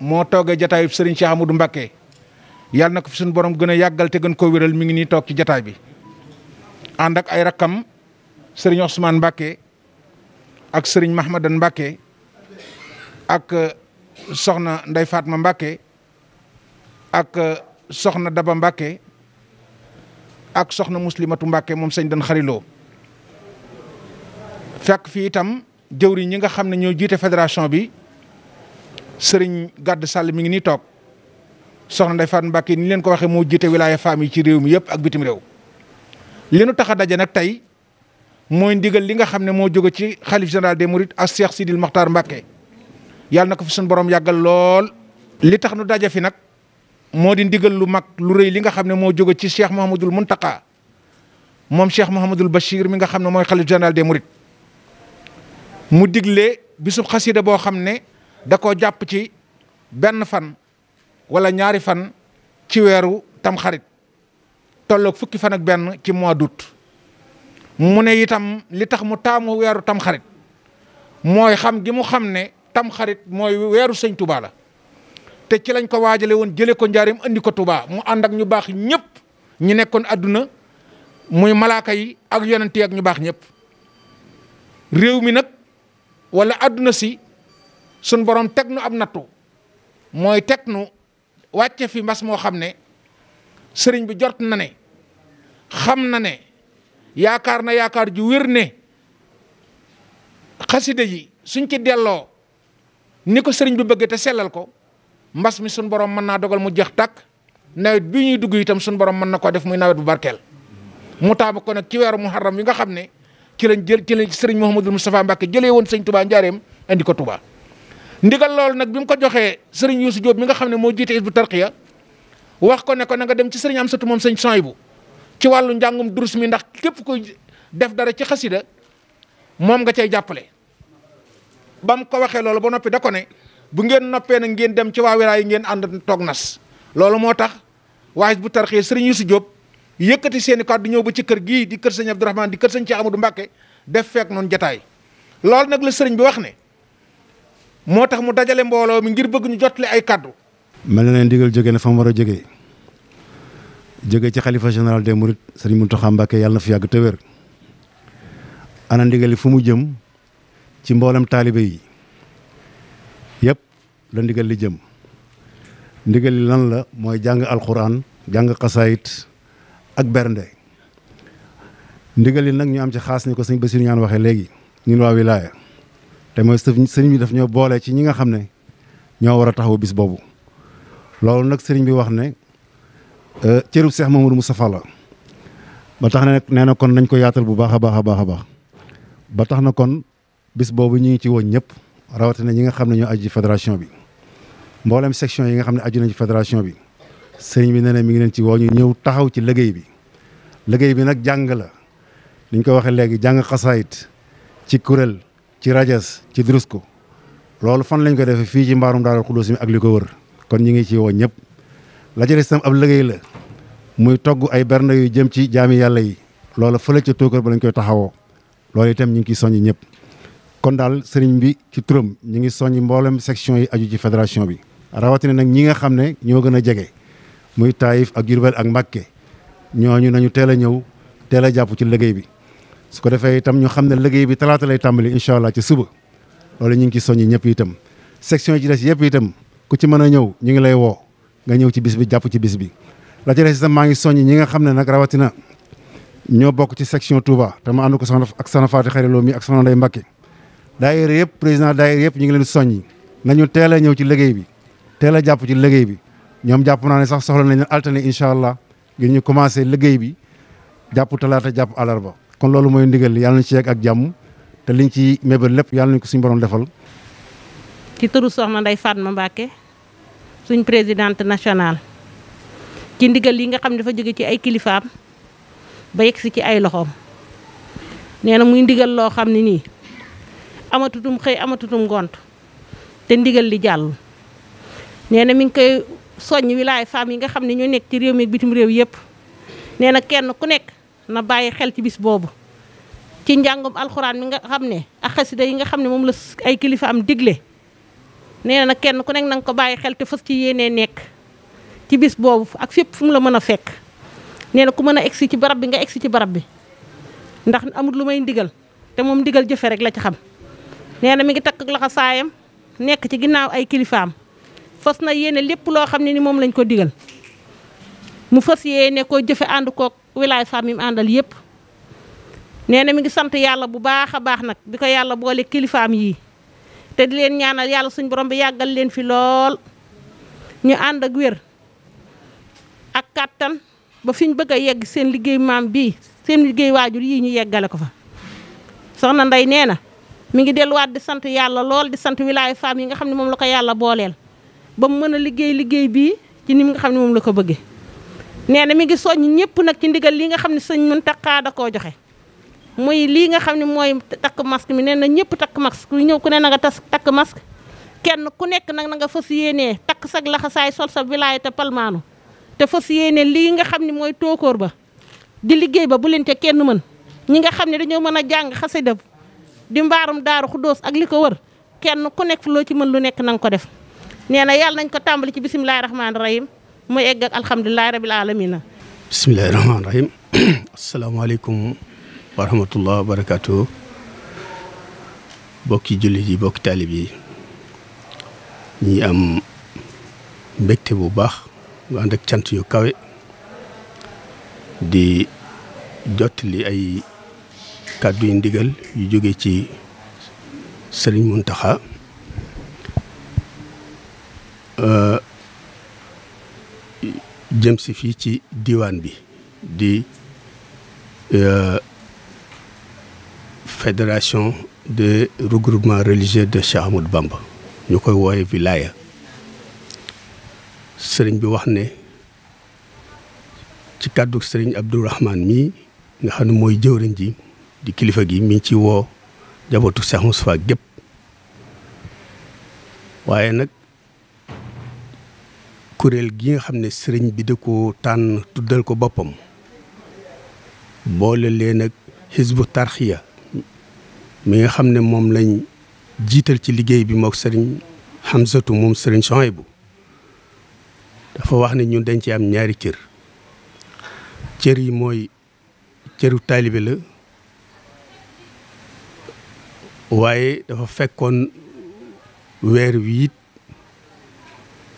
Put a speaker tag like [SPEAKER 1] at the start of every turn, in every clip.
[SPEAKER 1] moo toogee jataayub sëriñ Cheikh Amadou Mbacké yàlla na ko fi suñu borom gën a yàggal te gën koo wéral mi ngi nii toog ci jataay bi ànd ak ay rakkam sëriñ Ousmane Mbacké ak sëriñ Mahmadan Mbacké ak euh, soxna Ndey Fatma Mbacké ak euh, soxna Daba Mbacké ak soxna Muslimatu Mbacké moom sëñ dan xariloo fekk fii itam jëwriñ ñi nga xam ne ñoo jiite fédération bi sëriñ Gàdd Sall mi ngi nii toog soxna Ndeye Fatou Mbacke ni leen ko waxee moo jiite wilaya femme yi ci réew mi yëpp ak bitim réew li nu tax a daje nag tey mooy ndigal li nga xam ne moo jóge ci xalif général des Mourides ak Cheikh Sidil Mokhtar Mbacke yàlla na ko fi suñu borom yàggal lool. li tax nu daje fi nag moo di ndigal lu mag lu rëy li nga xam ne moo jóge ci Cheikh Mouhamadul Mountakha moom Cheikh Mouhamadul Bachir mi nga xam ne mooy xalif général des Mourides mu digle bisub xasida boo xam ne. da koo jàpp ci benn fan wala ñaari fan ci weeru tamxarit tolloog fukki fan ak benn ci mois d'août mu ne itam li tax mu taamu weeru tamxarit mooy xam gi mu xam ne tamxarit mooy weeru sëñ Touba la te ci lañ ko waajale woon jëlee ko njaarim andi ko Touba mu ànd ak ñu baax ñëpp ñu nekkoon àdduna muy malaaka yi ak yonent yi ak ñu baax ñëpp réew mi nag wala àdduna si. sun borom teg nu ab nattu mooy teg nu wàcce fi mbas moo xam ne sëriñ bi jot na ne xam na ne yaakaar na yaakaar ju wér ne xasida yi suñ ci delloo ni ko sëriñ bi bëgg te sellal ko mbas mi sun borom mën naa dogal mu jeex takk nawet bi ñuy dugg itam sun borom mën na koo def muy nawet bu barkeel mu taamu ko nag ci weeru muharram yi nga xam ne ci lañ jël ci lañ sëriñ Mouhamadul Moustapha Mbacke jëlee woon sëñ Touba njaareem andi ko Touba. ndigal loolu nag bi mu ko joxee sëriñ Youssou Diop mi nga xam ne moo jiite Hizbut Tarqiyyah wax ko ne ko na nga dem ci sëriñ Amsatu moom sëñ Souhaïbou ci wàllu njàngum durus mi ndax képp ko def dara ci xasida moom nga cay jàppale ba mu ko waxee loolu ba noppi da ko ne bu ngeen noppee nag ngeen dem ci waa yi ngeen ànd toog nas loolu moo tax waa Hizbut Tarqiyyah sëriñ Youssou Diop yëkkati seeni kàddu ñëw ba ci kër gii di kër sëñ Abdourahmane di kër sëñ Cheikh Amadou Mbacké def fekk noonu jataay loolu nag la sëriñ bi wax ne moo tax mu dajale mbooloo mi ngir bëgg ñu jottali ay kaddu.
[SPEAKER 2] mel na ne ndigal jóge na fa mu war a jógee jóge ci xalifa général des Mourides sëriñ Mountakha Mbacké yàlla na fi yàgg te fu mu jëm ci mboolem taalibe yi yépp la ndigal li jëm ndigal li lan la mooy jàng alxuraan jàng xasaayit ak bernde ndigal li nag ñu am ci xaas ni ko sëñ Bassirou ñaan waxe léegi ñun waa wilaaya te mooy sëriñ bi daf ñoo boolee ci ñi nga xam ne ñoo war a taxawu bis boobu loolu nag sëriñ bi wax ne euh, cërub Seex Mamadou Moustapha la ba tax na nee na kon nañ ko yaatal bu baax a baax a baax a baax ba tax na kon bis boobu ñu ngi ci woon ñëpp rawatina ñi nga xam ne ñoo aju ci bi mboolem section yi nga xam ne aju nañ ci fédération bi sëriñ bi nee na mi ngi leen ci woo ñu ñëw taxaw ci liggéey bi liggéey bi nag jàng la ni ñu ko waxee léegi jàng xasaayit ci kuréel. ci rajas ci drusko loolu fan lañ ko defee fii ci mbaarum Daaru Xudoos mi ak li ko wër kon ñu ngi ci woo ñëpp la ca des itam ab liggéey la muy togg ay bernde yu jëm ci jaami yàlla yi loolu fële ca tóokër ba lañ koy taxawoo loolu itam ñu ngi ciy soññ ñëpp kon daal sëriñ bi ci turam ñu ngi soññ mboolem section yi aju ci fédération bi rawatina nag ñi nga xam ne ñoo gën a jege muy Taïf ak Jurbel ak Mbàkke ñooñu nañu teel a ñëw teel a jàpp ci liggéey bi su ko defee itam ñu xam ne liggéey bi talaata lay tàmbali incha allah ci suba loolu ñu ngi ci soññi ñëpp itam section ci des yëpp itam ku ci mën a ñëw ñu ngi lay woo nga ñëw ci bis bi jàpp ci bis bi la ci des itam maa ngi soññi ñi nga xam ne nag rawatina ñoo bokk ci section Touba te ma ànd ko soxna ak soxna Fatou Khary Lo mi ak soxna Ndeye Mbacké daayira yëpp président daayira yëpp ñu ngi leen soññi nañu teel a ñëw ci liggéey bi teel a jàpp ci liggéey bi ñoom jàpp naa ne sax soxla nañ leen alterné incha allah ngir ñu commencé liggéey bi jàpp talaata jàpp àllarba kon loolu mooy ndigal yàlla nañ ci ne ak jàmm te liñ ci mébal lépp yàlla nañ ko suñu borom defal.
[SPEAKER 3] ci turu soxna Ndeye Fatma Mbacké suñ présidente nationale ci ndigal yi nga xam ne dafa jóge ci ay kilifaam ba yegg si ci ay loxoom nee na muy ndigal loo xam ne nii amatutum xëy amatutum ngont te ndigal li jàll nee na mi ngi koy soññ wilaay femmes yi nga xam ne ñoo nekk ci réew mi bitim réew yëpp nee na kenn ku nekk. na bàyyi xel ci bis boobu ci njàngum alxuraan mi nga xam ne ak xasida yi nga xam ne moom la ay kilifa am digle nee na kenn ku nekk na ko bàyyi xel te fas ci yéenee nekk ci bis boobu ak fépp fu mu la mën a fekk nee na ku mën a egsi ci barab bi nga egsi ci barab bi ndax amut lu may ndigal te moom ndigal jëfe rek la ci xam nee na mi ngi takk loxo saayam nekk ci ginnaaw ay kilifaam fës na yéene lépp loo xam ne ni moom lañ ko digal mu fas yéene koo jëfe ànd kook wilaay femme yi mu àndal yëpp nee na mi ngi sant yàlla bu baax a baax nag bi ko yàlla boole kilifaam yii te di leen ñaanal yàlla suñ borom bi yàggal leen fi lool ñu ànd ak wér ak kàttan ba fi ñu bëgg a yegg seen liggéey maam bii seen liggéey waajur yii ñu yeggale ko fa soxna Ndey nee na mi ngi delluwaat di sant yàlla lool di sant wilaayu femme yi nga xam ne moom la ko yàlla booleel ba mu mën a liggéey liggéey bii ci ni nga xam ne moom la ko bëggee nee na mi ngi soññ ñëpp nag ci ndigal li nga xam ne sëñ Muntaxa da koo joxe muy lii nga xam ne mooy takk masque mi nee na ñëpp takk masque ku ñëw ku ne na nga tas takk masque kenn ku nekk nag na nga fas yéenee takk sag laxasaay sol sa wilaay te palmaanu te fas yéene lii nga xam ni mooy tóokóor ba di liggéey ba bu leen ca kenn mën ñi nga xam ne dañoo mën a jàng xasida di mbaarum daaru xudóos ak li ko wër kenn ku nekk loo ci mën lu nekk na nga ko def nee na yàlla nañ ko tàmbali ci bisimilahi rahmaani rahim mu egg ak alhamdulilahi rabil alamina
[SPEAKER 4] bismillahi rahmaani rahim asalaamaaleykum wa rahmatullah wa barakatuh bokki jullit yi bokki taalib ñi am mbégte bu baax nga ànd ak cant yu kawe di jottali ay kàddu yu ndigal yu jóge ci sëriñ Muntaxa euh, jëm si fii ci diwaan bi di euh, fédération de regroupement religieux de Cheikh Ahmadou Bamba ñu koy wooye wilaya sëriñ bi wax ne ci kàddu sëriñ Abdourahman mii nga xam ne mooy jëwriñ ji di kilifa gi mi ngi ci woo jabootu Cheikh Moustapha gépp waaye nag kuréel gi nga xam ne sëriñ bi da ko tànn tuddal ko boppam boole leen ak xisbu tarxiya mi nga xam ne moom lañ jiital ci liggéey bi mook sëriñ Hamsatu moom sëriñ Sohaybu dafa wax ne ñun dañ ci am ñaari cër cër yi mooy cëru taalibe la waaye dafa fekkoon weer wi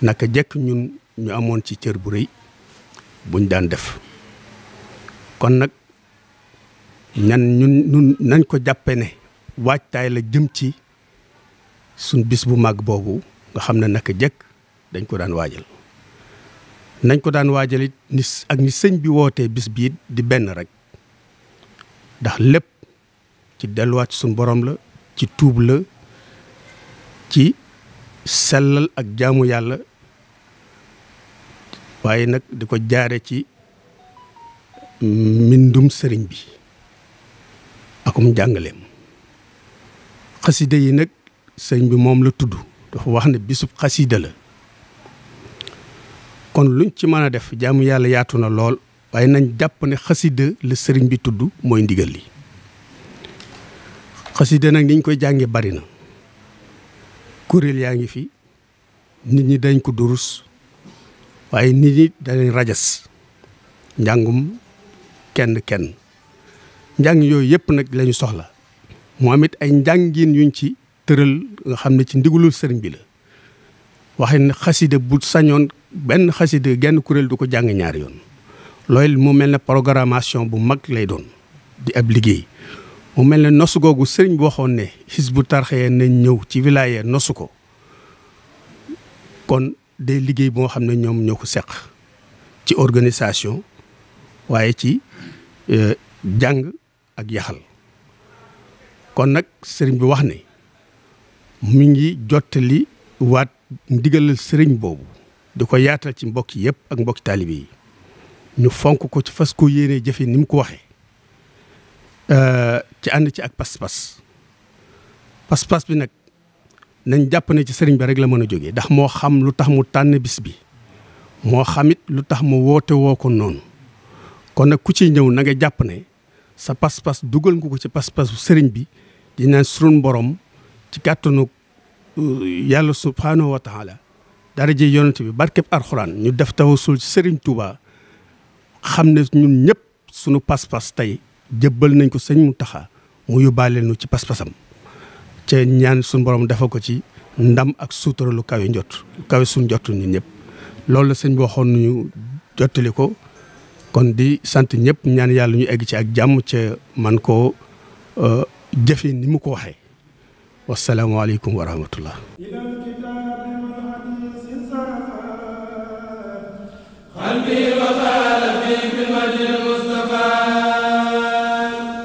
[SPEAKER 4] naka jekk ñun ñu amoon ci cër bu rëy buñ daan def kon nag ñan ñun ñun nañ ko jàppe ne waajtaay la jëm ci suñ bis bu màgg boobu nga xam ne naka jëkk dañ ko daan waajal nañ ko daan waajal it ak ni sëñ bi wootee bis bii di benn rek ndax lépp ci delluwaat suñ borom la ci tuub la ci sellal ak jaamu yàlla waaye nag di ko jaare ci mbindum sëriñ bi akum jàngaleem xasida yi nag sëriñ bi moom la tudd dafa wax ne bisub xasida la kon luñ ci mën a def jaamu yàlla yaatu na lool waaye nañ jàpp ne xasida la sëriñ bi tudd mooy ndigal li xasida nag niñ koy jànge bari na kuréel yaa ngi fi nit ñi dañ ko durus waaye nit ñi danañ rajas njàngum kenn kenn njàng yooyu yëpp nag lañu soxla moom it ay njàngin yuñ ci tëral nga xam ne ci ndigalul sëriñ bi la waxe ne xasida bu sañoon benn xasida genn kuréel du ko jàng ñaari yoon loolu mu mel ne programmation bu mag lay doon di ab liggéey mu mel ne nosu googu sëriñ bi waxoon ne bu Tarqiyyah nañ ñëw ci wilaya nosu ko kon day liggéey boo xam ne ñoom ñoo ko seq ci organisation waaye ci euh, jàng ak yaxal kon nag sëriñ bi wax ne mi ngi jottali waat ndigalal sëriñ boobu di ko yaatal ci mbokk yëpp ak mbokki taalibe yi ñu fonk ko ci fas ko yéenee jëfe ni mu ko waxee euh, ci ànd ci ak pas-pas pas-pas bi nag nañ jàpp ne ci sëriñ bi rek la mën a jógee ndax moo xam lu tax mu tànn bis bi moo xam it lu tax mu woote woo ko noonu kon nag ku ciy ñëw na nga jàpp ne sa pas-pas dugal nga ko ci pas-pasu sëriñ bi di naan sunu borom ci kattanu euh, yàlla subhaanahu wa dara daraje yonent bi barkeb alxuraan ñu def tawasul ci sëriñ Touba xam ne ñun ñëpp sunu pas-pas tey jëbbal nañ ko sëñ Mountakha mu yóbbaale nu ci pas-pasam. ca ñaan suñu borom dafa ko ci ndam ak suutara lu kawe njott kawe suñ njott ñun ñëpp loolu la sëñ bi waxoon ñu jottali ko kon di sant ñëpp ñaan yàlla ñu egg ci ak jàmm ca man koo euh, jëfe ni mu ko waxee wasalaamaaleykum wa rahmatullah